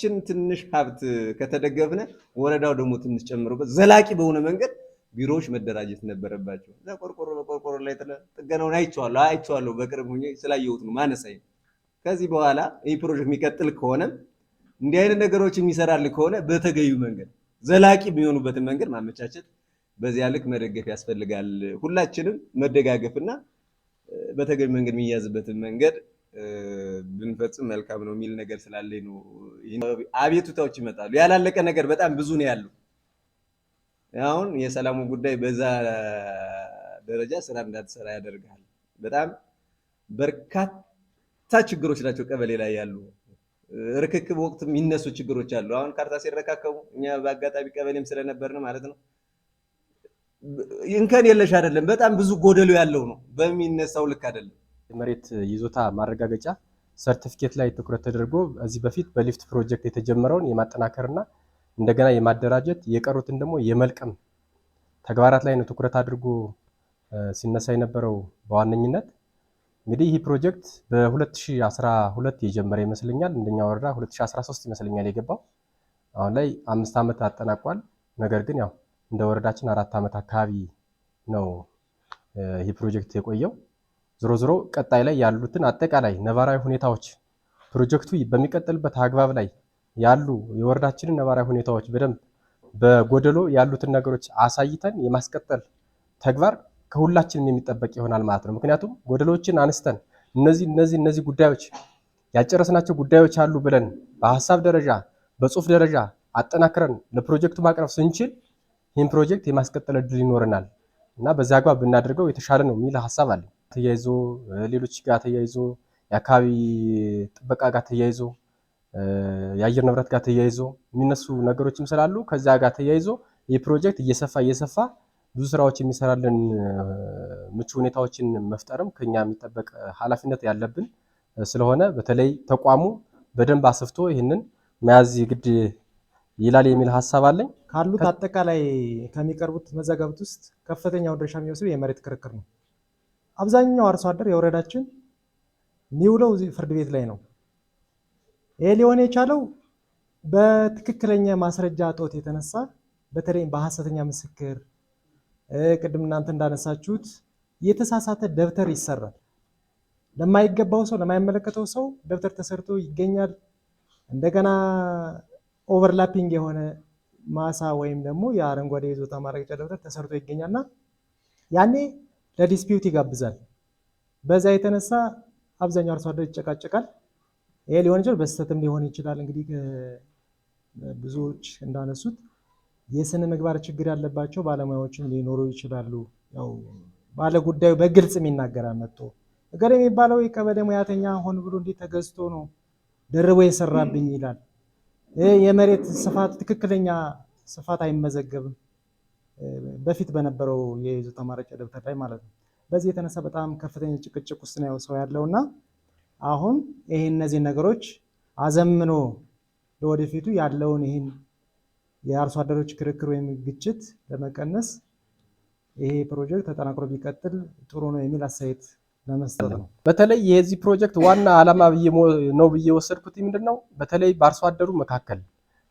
ያችን ትንሽ ሀብት ከተደገፍነ ወረዳው ደግሞ ትንሽ ጨምሮበት ዘላቂ በሆነ መንገድ ቢሮዎች መደራጀት ነበረባቸው። እዛ ቆርቆሮ በቆርቆሮ ላይ ጥገናውን አይቼዋለሁ አይቼዋለሁ በቅርብ ሆኜ ስላየሁት ነው ማነሳይ። ከዚህ በኋላ ይህ ፕሮጀክት የሚቀጥል ከሆነ እንዲህ አይነት ነገሮች የሚሰራል ከሆነ በተገዩ መንገድ ዘላቂ የሚሆኑበትን መንገድ ማመቻቸት፣ በዚያ ልክ መደገፍ ያስፈልጋል። ሁላችንም መደጋገፍና በተገቢ መንገድ የሚያዝበትን መንገድ ብንፈጽም መልካም ነው የሚል ነገር ስላለኝ ነው። አቤቱታዎች ይመጣሉ። ያላለቀ ነገር በጣም ብዙ ነው ያሉ። አሁን የሰላሙ ጉዳይ በዛ ደረጃ ስራ እንዳትሰራ ያደርጋል። በጣም በርካታ ችግሮች ናቸው ቀበሌ ላይ ያሉ። ርክክብ ወቅት የሚነሱ ችግሮች አሉ። አሁን ካርታ ሲረካከቡ እኛ በአጋጣሚ ቀበሌም ስለነበርን ማለት ነው እንከን የለሽ አይደለም። በጣም ብዙ ጎደሉ ያለው ነው በሚነሳው ልክ አይደለም። መሬት ይዞታ ማረጋገጫ ሰርቲፊኬት ላይ ትኩረት ተደርጎ ከዚህ በፊት በሊፍት ፕሮጀክት የተጀመረውን የማጠናከርና እንደገና የማደራጀት የቀሩትን ደግሞ የመልቀም ተግባራት ላይ ነው ትኩረት አድርጎ ሲነሳ የነበረው በዋነኝነት እንግዲህ ይህ ፕሮጀክት በ2012 የጀመረ ይመስለኛል። እንደኛ ወረዳ 2013 ይመስለኛል የገባው። አሁን ላይ አምስት ዓመት አጠናቋል። ነገር ግን ያው እንደ ወረዳችን አራት ዓመት አካባቢ ነው ይህ ፕሮጀክት የቆየው። ዞሮ ዞሮ ቀጣይ ላይ ያሉትን አጠቃላይ ነባራዊ ሁኔታዎች ፕሮጀክቱ በሚቀጥልበት አግባብ ላይ ያሉ የወረዳችንን ነባራዊ ሁኔታዎች በደንብ በጎደሎ ያሉትን ነገሮች አሳይተን የማስቀጠል ተግባር ከሁላችንም የሚጠበቅ ይሆናል ማለት ነው። ምክንያቱም ጎደሎችን አንስተን እነዚህ እነዚህ እነዚህ ጉዳዮች ያጨረስናቸው ጉዳዮች አሉ ብለን በሀሳብ ደረጃ በጽሁፍ ደረጃ አጠናክረን ለፕሮጀክቱ ማቅረብ ስንችል ይህን ፕሮጀክት የማስቀጠል እድል ይኖረናል እና በዚያ አግባብ ብናደርገው የተሻለ ነው የሚል ሀሳብ አለ። ተያይዞ ሌሎች ጋር ተያይዞ የአካባቢ ጥበቃ ጋር ተያይዞ የአየር ንብረት ጋር ተያይዞ የሚነሱ ነገሮችም ስላሉ ከዚያ ጋር ተያይዞ ይህ ፕሮጀክት እየሰፋ እየሰፋ ብዙ ስራዎች የሚሰራልን ምቹ ሁኔታዎችን መፍጠርም ከኛ የሚጠበቅ ኃላፊነት ያለብን ስለሆነ በተለይ ተቋሙ በደንብ አስፍቶ ይህንን መያዝ ግድ ይላል የሚል ሀሳብ አለኝ። ካሉት አጠቃላይ ከሚቀርቡት መዘገብት ውስጥ ከፍተኛውን ድርሻ የሚወስድ የመሬት ክርክር ነው። አብዛኛው አርሶ አደር የወረዳችን የሚውለው እዚህ ፍርድ ቤት ላይ ነው። ይሄ ሊሆን የቻለው በትክክለኛ ማስረጃ እጦት የተነሳ በተለይም በሐሰተኛ ምስክር፣ ቅድም እናንተ እንዳነሳችሁት የተሳሳተ ደብተር ይሰራል። ለማይገባው ሰው ለማይመለከተው ሰው ደብተር ተሰርቶ ይገኛል። እንደገና ኦቨርላፒንግ የሆነ ማሳ ወይም ደግሞ የአረንጓዴ ይዞታ ማረጋገጫ ደብተር ተሰርቶ ይገኛልና ያኔ ለዲስፒዩት ይጋብዛል። በዛ የተነሳ አብዛኛው አርሶ አደር ይጨቃጨቃል። ይሄ ሊሆን ይችላል፣ በስተትም ሊሆን ይችላል። እንግዲህ ብዙዎች እንዳነሱት የስነ ምግባር ችግር ያለባቸው ባለሙያዎችም ሊኖሩ ይችላሉ። ያው ባለ ጉዳዩ በግልጽ ይናገራል መጥቶ ነገር የሚባለው የቀበሌ ሙያተኛ ሆን ብሎ እንዲህ ተገዝቶ ነው ደርቦ የሰራብኝ ይላል። የመሬት ስፋት ትክክለኛ ስፋት አይመዘገብም። በፊት በነበረው የይዞታ ማረቂያ ደብተር ላይ ማለት ነው። በዚህ የተነሳ በጣም ከፍተኛ ጭቅጭቅ ውስጥ ነው ሰው ያለው እና አሁን ይሄን እነዚህ ነገሮች አዘምኖ ለወደፊቱ ያለውን ይህን የአርሶ አደሮች ክርክር ወይም ግጭት ለመቀነስ ይሄ ፕሮጀክት ተጠናክሮ ቢቀጥል ጥሩ ነው የሚል አስተያየት ለመስጠት ነው። በተለይ የዚህ ፕሮጀክት ዋና ዓላማ ነው ብዬ ወሰድኩት ምንድን ነው በተለይ በአርሶ አደሩ መካከል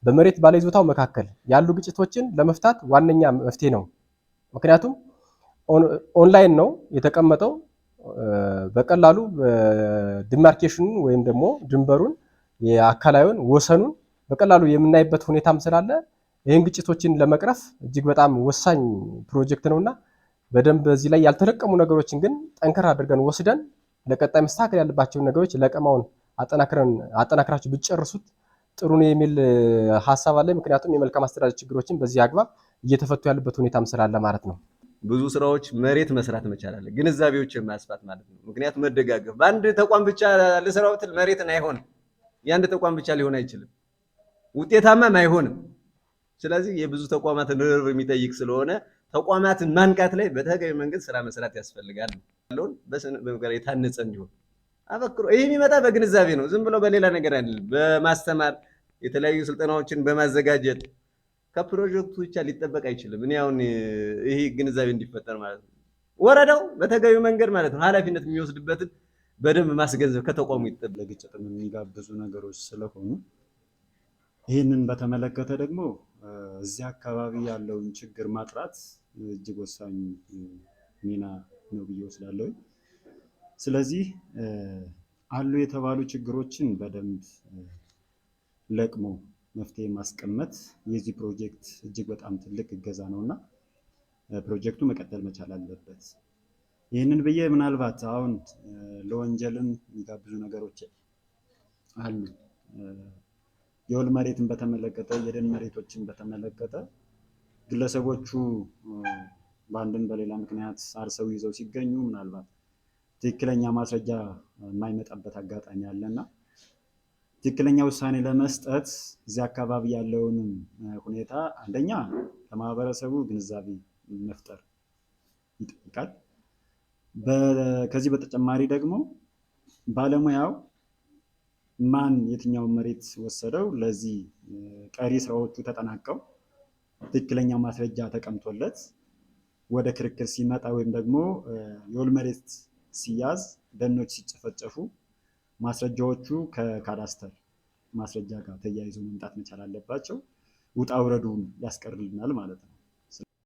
በመሬት ባለይዞታው መካከል ያሉ ግጭቶችን ለመፍታት ዋነኛ መፍትሄ ነው። ምክንያቱም ኦንላይን ነው የተቀመጠው። በቀላሉ ዲማርኬሽኑን ወይም ደግሞ ድንበሩን የአካላዩን ወሰኑን በቀላሉ የምናይበት ሁኔታም ስላለ ይህን ግጭቶችን ለመቅረፍ እጅግ በጣም ወሳኝ ፕሮጀክት ነውና በደንብ በዚህ ላይ ያልተለቀሙ ነገሮችን ግን ጠንከር አድርገን ወስደን ለቀጣይ መስተካከል ያለባቸውን ነገሮች ለቀማውን አጠናክራችሁ ብትጨርሱት ጥሩ ነው የሚል ሀሳብ አለ። ምክንያቱም የመልካም አስተዳደር ችግሮችን በዚህ አግባብ እየተፈቱ ያለበት ሁኔታም ስላለ ማለት ነው። ብዙ ስራዎች መሬት መስራት መቻል አለ፣ ግንዛቤዎችን ማስፋት ማለት ነው። ምክንያቱም መደጋገፍ በአንድ ተቋም ብቻ ልስራው ብትል መሬትን አይሆንም። የአንድ ተቋም ብቻ ሊሆን አይችልም፣ ውጤታማም አይሆንም። ስለዚህ የብዙ ተቋማትን ርብርብ የሚጠይቅ ስለሆነ ተቋማትን ማንቃት ላይ በተገቢ መንገድ ስራ መስራት ያስፈልጋል። ያለውን በስነ የታነጸ እንዲሆን አበክሮ ይህ የሚመጣ በግንዛቤ ነው። ዝም ብሎ በሌላ ነገር አይደለም። በማስተማር የተለያዩ ስልጠናዎችን በማዘጋጀት ከፕሮጀክቱ ብቻ ሊጠበቅ አይችልም። እኔ አሁን ይህ ግንዛቤ እንዲፈጠር ማለት ነው ወረዳው በተገቢው መንገድ ማለት ነው ኃላፊነት የሚወስድበትን በደንብ ማስገንዘብ ከተቋሙ ይጠበቅ። ግጭትም የሚጋብዙ ነገሮች ስለሆኑ ይህንን በተመለከተ ደግሞ እዚህ አካባቢ ያለውን ችግር ማጥራት እጅግ ወሳኝ ሚና ነው ብዬ ወስዳለሁ። ስለዚህ አሉ የተባሉ ችግሮችን በደንብ ለቅሞ መፍትሄ ማስቀመጥ የዚህ ፕሮጀክት እጅግ በጣም ትልቅ እገዛ ነው እና ፕሮጀክቱ መቀጠል መቻል አለበት። ይህንን ብዬ ምናልባት አሁን ለወንጀልም የሚጋብዙ ነገሮች አሉ። የወል መሬትን በተመለከተ የደን መሬቶችን በተመለከተ ግለሰቦቹ በአንድም በሌላ ምክንያት አርሰው ይዘው ሲገኙ ምናልባት ትክክለኛ ማስረጃ የማይመጣበት አጋጣሚ አለ እና ትክክለኛ ውሳኔ ለመስጠት እዚህ አካባቢ ያለውንም ሁኔታ አንደኛ ለማህበረሰቡ ግንዛቤ መፍጠር ይጠይቃል። ከዚህ በተጨማሪ ደግሞ ባለሙያው ማን የትኛውን መሬት ወሰደው፣ ለዚህ ቀሪ ስራዎቹ ተጠናቀው ትክክለኛ ማስረጃ ተቀምጦለት ወደ ክርክር ሲመጣ ወይም ደግሞ የወል መሬት ሲያዝ፣ ደኖች ሲጨፈጨፉ ማስረጃዎቹ ከካዳስተር ማስረጃ ጋር ተያይዞ መምጣት መቻል አለባቸው። ውጣ ውረዱን ያስቀርልናል ማለት ነው።